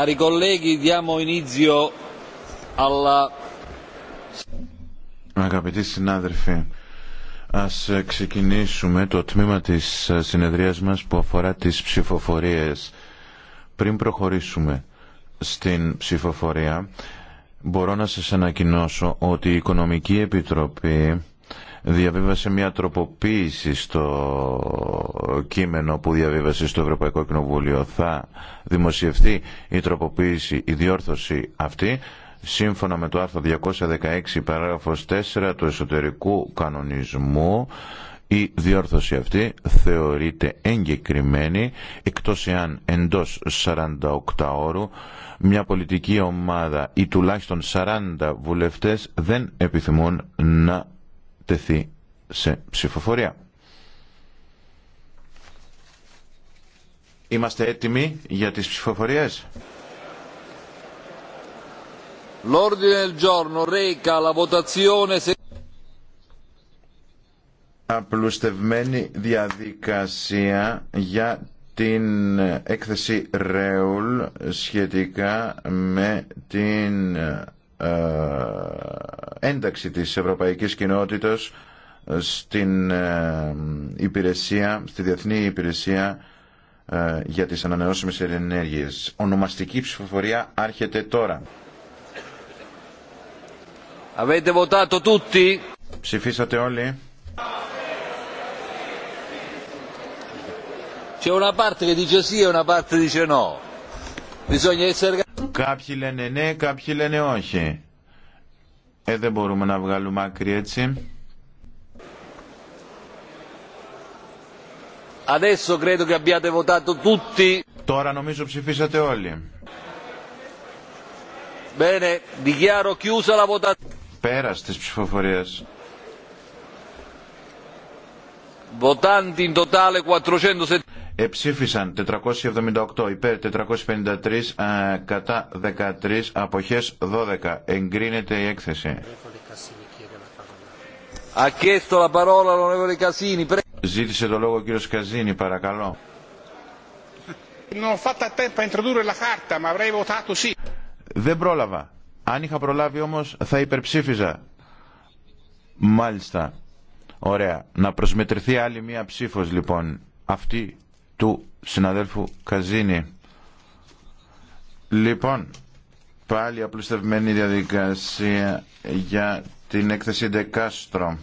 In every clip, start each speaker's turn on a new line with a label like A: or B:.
A: Cari colleghi, diamo inizio alla...
B: Αγαπητοί συνάδελφοι, ας ξεκινήσουμε το τμήμα της συνεδρίας μας που αφορά τις ψηφοφορίες. Πριν προχωρήσουμε στην ψηφοφορία, μπορώ να σας ανακοινώσω ότι η Οικονομική Επιτροπή διαβίβασε μια τροποποίηση στο κείμενο που διαβίβασε στο Ευρωπαϊκό Κοινοβούλιο. Θα δημοσιευτεί η τροποποίηση, η διόρθωση αυτή, σύμφωνα με το άρθρο 216 παράγραφος 4 του εσωτερικού κανονισμού, η διόρθωση αυτή θεωρείται εγκεκριμένη εκτός εάν εντός 48 ώρου μια πολιτική ομάδα ή τουλάχιστον 40 βουλευτές δεν επιθυμούν να τεθεί σε ψηφοφορία. Είμαστε έτοιμοι για τις ψηφοφορίες. Απλουστευμένη διαδικασία για την έκθεση Ρέουλ σχετικά με την ε, ένταξη της ευρωπαϊκής κοινότητας ε, στην ε, υπηρεσία, στη διεθνή υπηρεσία για τις ανανεώσιμες ενέργειες. Ονομαστική ψηφοφορία άρχεται τώρα.
A: Avete votato tutti? Ψηφίσατε όλοι. C'è una parte che dice sì e una parte dice no.
B: Bisogna essere Κάποιοι λένε ναι, κάποιοι λένε όχι. Ε, δεν μπορούμε να βγάλουμε άκρη έτσι. Adesso credo che abbiate votato tutti. Τώρα νομίζω ψηφίσατε όλοι. Bene, dichiaro chiusa la votazione. Πέρα τη ψηφοφορία. Votanti in totale 470. Εψήφισαν 478 υπέρ 453 ε, κατά 13 αποχές 12. Εγκρίνεται η έκθεση. Ζήτησε το λόγο ο κύριος Καζίνη παρακαλώ. Δεν πρόλαβα. Αν είχα προλάβει όμως θα υπερψήφιζα. Μάλιστα. Ωραία. Να προσμετρηθεί άλλη μία ψήφος λοιπόν. Αυτή του συναδέλφου Καζίνη. Λοιπόν, πάλι απλουστευμένη διαδικασία για την έκθεση Δεκάστρο.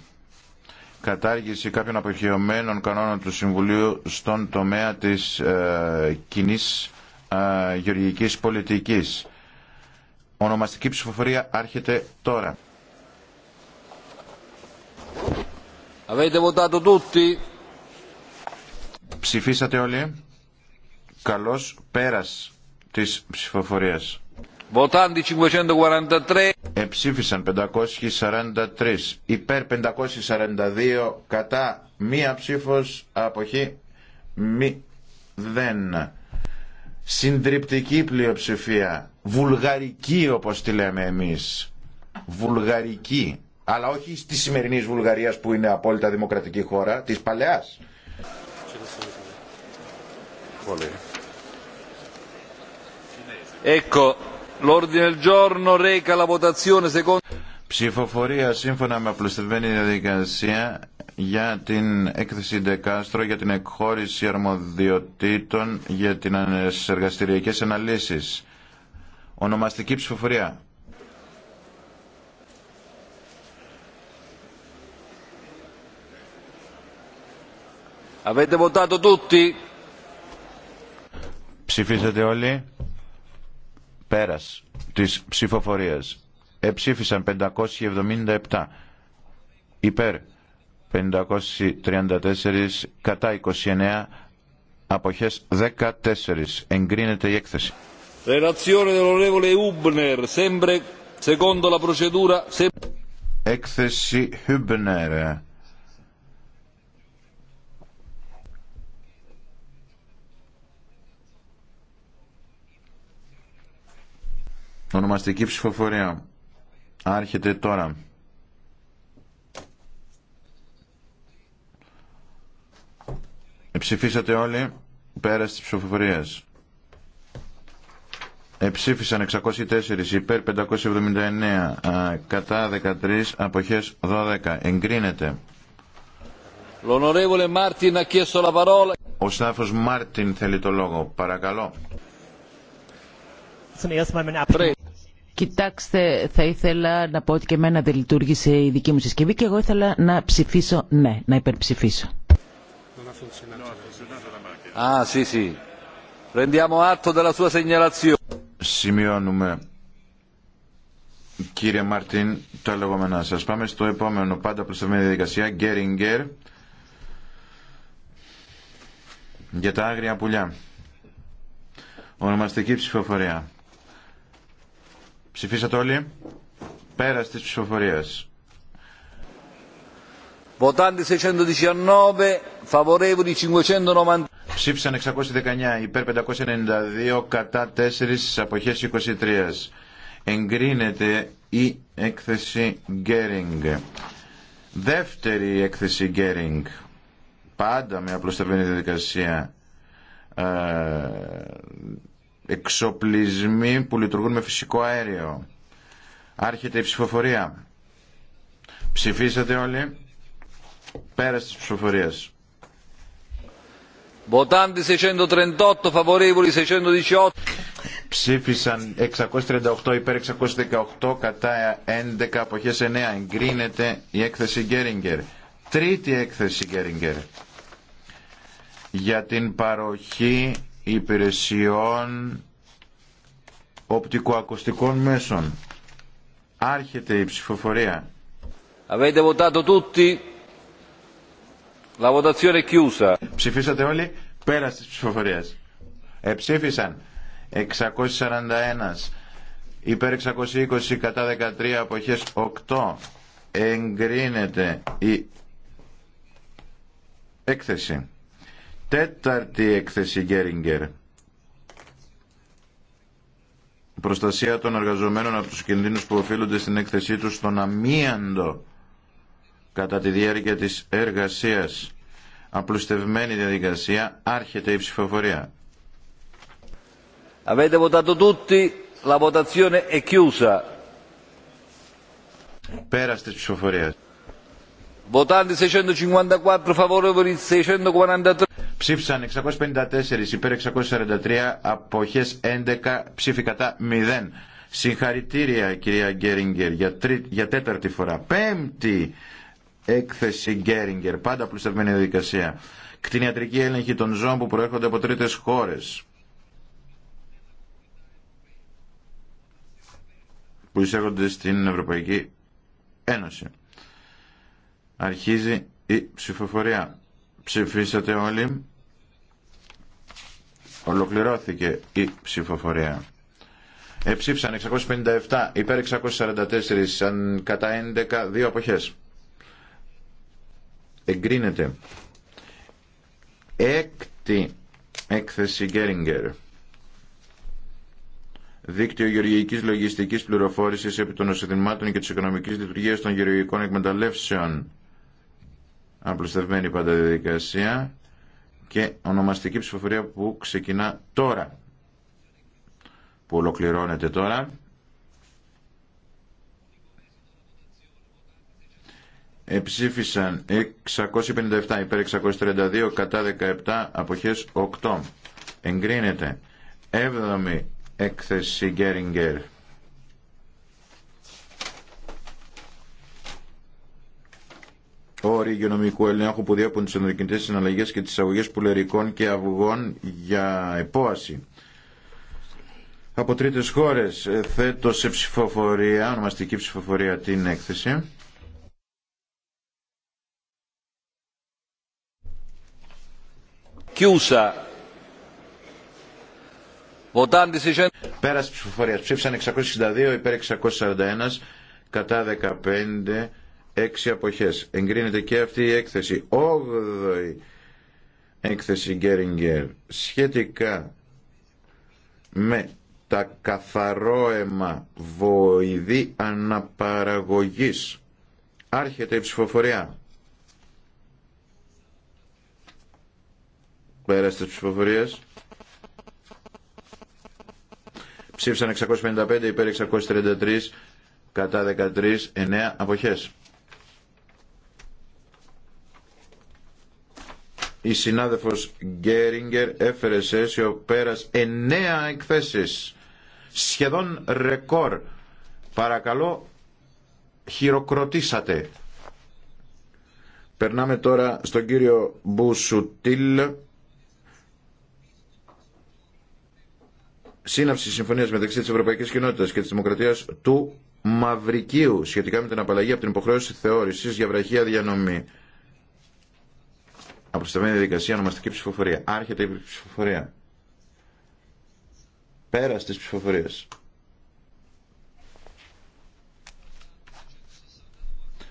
B: Κατάργηση κάποιων αποχαιωμένων κανόνων του Συμβουλίου στον τομέα της ε, κοινής ε, γεωργικής πολιτικής. Ονομαστική ψηφοφορία άρχεται τώρα.
A: Avete votato tutti?
B: Ψηφίσατε όλοι. Καλώς πέρας της ψηφοφορίας. Βοτάντι 543. Εψήφισαν 543. Υπέρ 542. Κατά μία ψήφος αποχή μη δεν. Συντριπτική πλειοψηφία. Βουλγαρική όπως τη λέμε εμείς. Βουλγαρική. Αλλά όχι στη σημερινή Βουλγαρία που είναι απόλυτα δημοκρατική χώρα, Της παλαιάς. Ψηφοφορία σύμφωνα με απλουστευμένη διαδικασία για την έκθεση Ντεκάστρο για την εκχώρηση αρμοδιοτήτων για τι εργαστηριακές αναλύσεις. Ονομαστική ψηφοφορία.
A: Avete votato tutti?
B: Ψηφίσατε όλοι. Πέρας της ψηφοφορίας. Εψήφισαν 577. Υπέρ 534. Κατά 29. Αποχές 14. Εγκρίνεται η έκθεση.
A: Relazione dell'onorevole Hubner, sempre secondo la procedura.
B: Έκθεση Hübner Ονομαστική ψηφοφορία. Άρχεται τώρα. Εψηφίσατε όλοι πέρα στις ψηφοφορίες. Εψήφισαν 604 υπέρ 579 κατά 13 αποχές 12. Εγκρίνεται. Ο Στάφος Μάρτιν θέλει το λόγο. Παρακαλώ. Κοιτάξτε, θα ήθελα να πω ότι και εμένα δεν λειτουργήσε η δική μου συσκευή και εγώ ήθελα να ψηφίσω ναι, να υπερψηφίσω. Σημειώνουμε. Κύριε Μαρτίν, τα λεγόμενά σας. Πάμε στο επόμενο, πάντα προσθεμένη διαδικασία, Γκέριγκερ, για τα άγρια πουλιά. Ονομαστική ψηφοφορία. Ψηφίσατε όλοι. Πέρα τη ψηφοφορία. Votanti 619, favorevoli 590. Ψήφισαν 619, υπέρ 592, κατά 4, απόχέ 23. Εγκρίνεται η έκθεση Γκέρινγκ. Δεύτερη έκθεση Γκέρινγκ. Πάντα με απλωστευμένη διαδικασία. Ε, εξοπλισμοί που λειτουργούν με φυσικό αέριο. Άρχεται η ψηφοφορία. Ψηφίσατε όλοι. Πέρα τη ψηφοφορία. 638,
A: 618.
B: Ψήφισαν 638 υπέρ 618 κατά 11 αποχές 9. Εγκρίνεται η έκθεση Γκέριγκερ. Τρίτη έκθεση Γκέριγκερ για την παροχή υπηρεσιών οπτικοακουστικών μέσων. Άρχεται η ψηφοφορία. Avete votato tutti? La votazione è chiusa. Ψηφίσατε όλοι πέρα τη ψηφοφορία. Εψήφισαν 641 υπέρ 620 κατά 13 αποχές 8 εγκρίνεται η έκθεση. Τέταρτη έκθεση Γκέριγκερ. Προστασία των εργαζομένων από τους κινδύνους που οφείλονται στην έκθεσή τους στον αμίαντο κατά τη διάρκεια της εργασίας. Απλουστευμένη διαδικασία. Άρχεται η ψηφοφορία. Avete votato tutti, la votazione è chiusa. Πέρα τη ψηφοφορία. Votanti 654 favorevoli 643. Ψήφισαν 654 υπέρ 643, αποχές 11, ψήφι κατά 0. Συγχαρητήρια κυρία Γκέριγκερ για, για τέταρτη φορά. Πέμπτη έκθεση Γκέριγκερ, πάντα πλουστευμένη διαδικασία. Κτηνιατρική έλεγχη των ζώων που προέρχονται από τρίτες χώρες. που εισέρχονται στην Ευρωπαϊκή Ένωση. Αρχίζει η ψηφοφορία. Ψηφίσατε όλοι. Ολοκληρώθηκε η ψηφοφορία. Εψήφισαν 657 υπέρ 644 σαν κατά 11 δύο αποχές. Εγκρίνεται. Έκτη έκθεση Γκέριγκερ. Δίκτυο γεωργικής λογιστικής πληροφόρησης επί των νοσοδημάτων και της οικονομικής λειτουργίας των γεωργικών εκμεταλλεύσεων απλουστευμένη πάντα διαδικασία και ονομαστική ψηφοφορία που ξεκινά τώρα που ολοκληρώνεται τώρα εψήφισαν 657 υπέρ 632 κατά 17 αποχές 8 εγκρίνεται 7η έκθεση Γκέριγκερ όροι υγειονομικού ελέγχου που διέπουν τι ενδοκινητέ συναλλαγέ και τι αγωγέ πουλερικών και αυγών για επόαση. Από τρίτε χώρε ε, θέτω σε ψηφοφορία, ονομαστική ψηφοφορία, την έκθεση. Πέραση Πέρασε ψηφοφορία. Ψήφισαν 662 υπέρ 641 κατά 15 Έξι αποχές. Εγκρίνεται και αυτή η εκθεση όγδοη 8η έκθεση Γκέριγκερ σχετικά με τα καθαρόαιμα βοηδή αναπαραγωγής. Άρχεται η ψηφοφορία. Πέρα ψηφοφορία. ψηφοφορίες. Ψήφισαν 655 υπέρ 633 κατά 13 9 αποχές. η συνάδελφος Γκέριγκερ έφερε σε αίσιο πέρας εννέα εκθέσεις. Σχεδόν ρεκόρ. Παρακαλώ, χειροκροτήσατε. Περνάμε τώρα στον κύριο Μπουσούτιλ, Σύναψη συμφωνίας μεταξύ της Ευρωπαϊκής Κοινότητας και της Δημοκρατίας του Μαυρικίου σχετικά με την απαλλαγή από την υποχρέωση θεώρησης για βραχία διανομή. Απλουστευμένη διαδικασία, ονομαστική ψηφοφορία. Άρχεται η ψηφοφορία. Πέρα τη ψηφοφορία.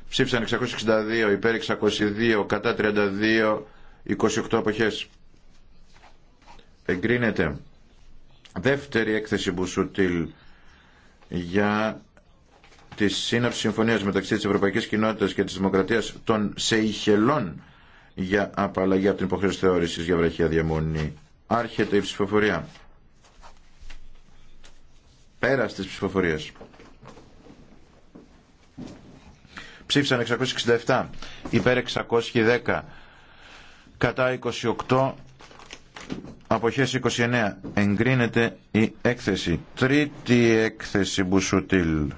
B: Ψήφισαν 662 υπέρ 602 κατά 32 28 αποχές. Εγκρίνεται. Δεύτερη έκθεση Μπουσουτήλ για τη σύναψη συμφωνίας μεταξύ της Ευρωπαϊκής Κοινότητας και της Δημοκρατίας των Σεϊχελών για απαλλαγή από την υποχρέωση θεώρηση για βραχία διαμονή. Άρχεται η ψηφοφορία. Πέρα της ψηφοφορίας. Ψήφισαν 667, υπέρ 610, κατά 28, αποχές 29. Εγκρίνεται η έκθεση. Τρίτη έκθεση Μπουσουτήλ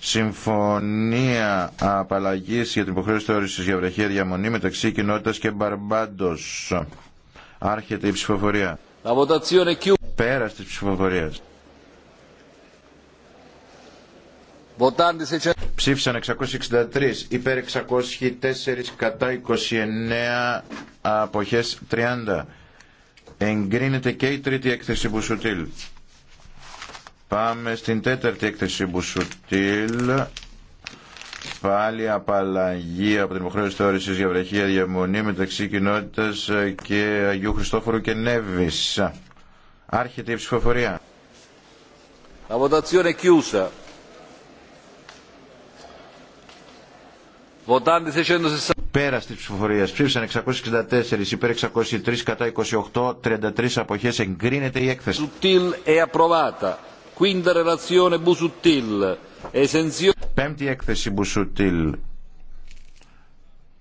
B: συμφωνία απαλλαγή για την υποχρέωση θεώρηση για βραχία διαμονή μεταξύ κοινότητα και Μπαρμπάντο. Άρχεται η ψηφοφορία. Πέρα τη ψηφοφορία. Ψήφισαν 663 υπέρ 604 κατά 29 αποχές 30. Εγκρίνεται και η τρίτη έκθεση Μπουσουτήλ. Πάμε στην τέταρτη έκθεση Μπουσουτήλ. Πάλι απαλλαγή από την υποχρέωση θεώρηση για βραχία διαμονή μεταξύ κοινότητα και Αγίου Χριστόφορου και Νέβη. Άρχεται η ψηφοφορία. La Πέρα τη ψηφοφορία. Ψήφισαν 664 υπέρ 603 κατά 28, 33 αποχέ. Εγκρίνεται η έκθεση. Σουτήλ e Πέμπτη έκθεση Μπουσουτήλ.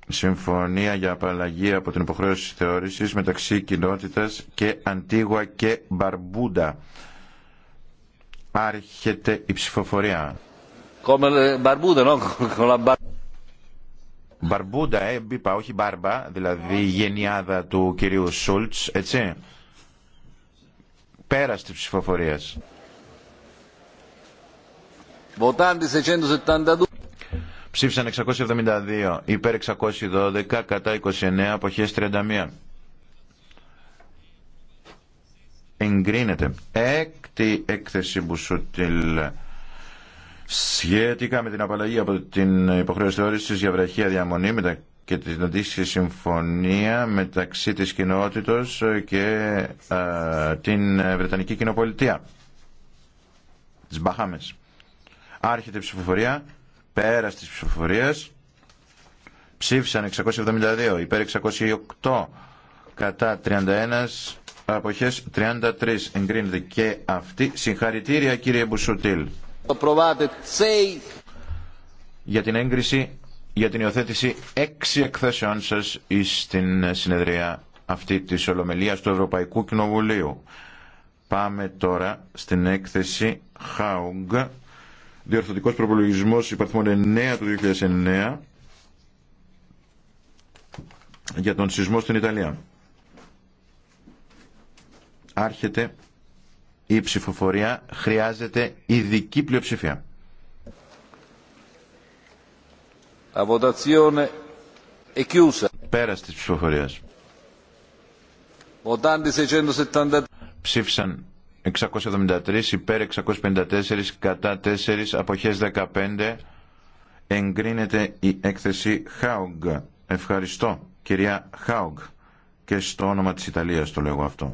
B: Συμφωνία για απαλλαγή από την υποχρέωση θεώρησης μεταξύ κοινότητας και Αντίγουα και Μπαρμπούντα. Άρχεται η ψηφοφορία.
A: Ε, Μπαρμπούντα,
B: ε, όχι Μπάρμπα, δηλαδή η γενιάδα του κυρίου Σούλτς, έτσι. Πέρα τη ψηφοφορία. Ψήφισαν 672, υπέρ 612, κατά 29, αποχέ 31. Εγκρίνεται. Έκτη έκθεση Μπουσούτιλ σχετικά με την απαλλαγή από την υποχρέωση θεώρηση για βραχία διαμονή μετα... και την αντίστοιχη συμφωνία μεταξύ της κοινότητα και α, την Βρετανική Κοινοπολιτεία. τη Μπαχάμες. Άρχεται η ψηφοφορία. Πέρα τη ψηφοφορία. Ψήφισαν 672 υπέρ 608 κατά 31 αποχές 33 εγκρίνεται και αυτή. Συγχαρητήρια κύριε Μπουσουτήλ. Για την έγκριση, για την υιοθέτηση έξι εκθέσεών σας στην συνεδρία αυτή της Ολομελίας του Ευρωπαϊκού Κοινοβουλίου. Πάμε τώρα στην έκθεση Χάουγκ διορθωτικός προπολογισμός υπαρθμών 9 του 2009 για τον σεισμό στην Ιταλία. Άρχεται η ψηφοφορία, χρειάζεται ειδική πλειοψηφία. Πέρας της ψηφοφορίας. Ψήφισαν 673 υπέρ 654 κατά 4 αποχές 15 εγκρίνεται η έκθεση Χάουγκ. Ευχαριστώ κυρία Χάουγκ και στο όνομα της Ιταλίας το λέγω αυτό.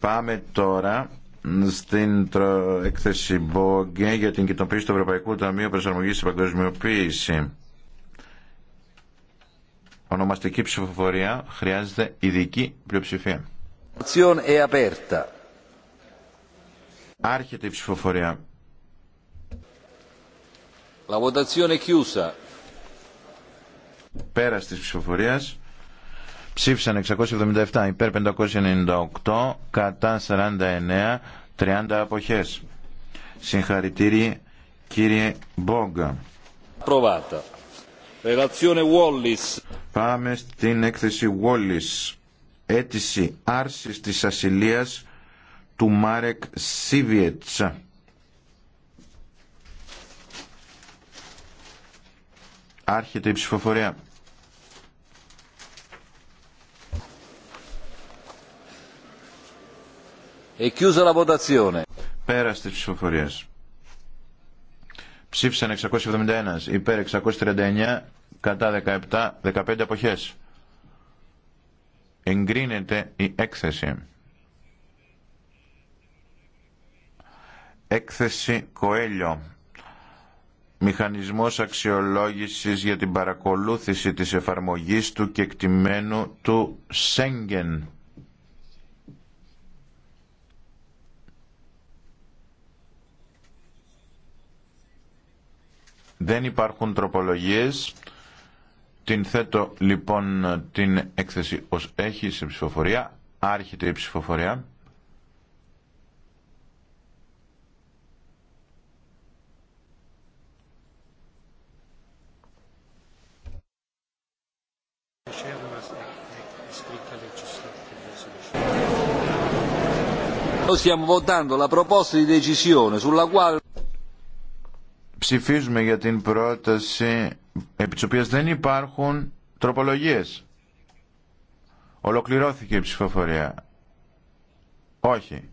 B: Πάμε τώρα στην έκθεση Μπόγκε για την κοινοποίηση του Ευρωπαϊκού Ταμείου Προσαρμογή και Παγκοσμιοποίηση ονομαστική ψηφοφορία χρειάζεται ειδική πλειοψηφία. Άρχεται η ψηφοφορία.
A: La votazione chiusa.
B: Πέρας της ψηφοφορίας ψήφισαν 677 υπέρ 598 κατά 49 30 αποχές. Συγχαρητήρια, κύριε Μπόγκα. Προβάτα. Πάμε στην έκθεση Wallis. Έτηση άρσης της ασυλίας του Μάρεκ Σίβιετσα. Άρχεται η ψηφοφορία. E chiusa τη ψηφοφορία ψήφισαν 671 υπέρ 639 κατά 17, 15 αποχές. Εγκρίνεται η έκθεση. Έκθεση Κοέλιο. Μηχανισμός αξιολόγησης για την παρακολούθηση της εφαρμογής του κεκτημένου του Σέγγεν. Δεν υπάρχουν τροπολογίες. Την θέτω λοιπόν την έκθεση ως έχει σε ψηφοφορία. Άρχεται η ψηφοφορία. Stiamo
A: votando la proposta di decisione sulla quale
B: Ψηφίζουμε για την πρόταση επί της οποίας δεν υπάρχουν τροπολογίες. Ολοκληρώθηκε η ψηφοφορία. Όχι.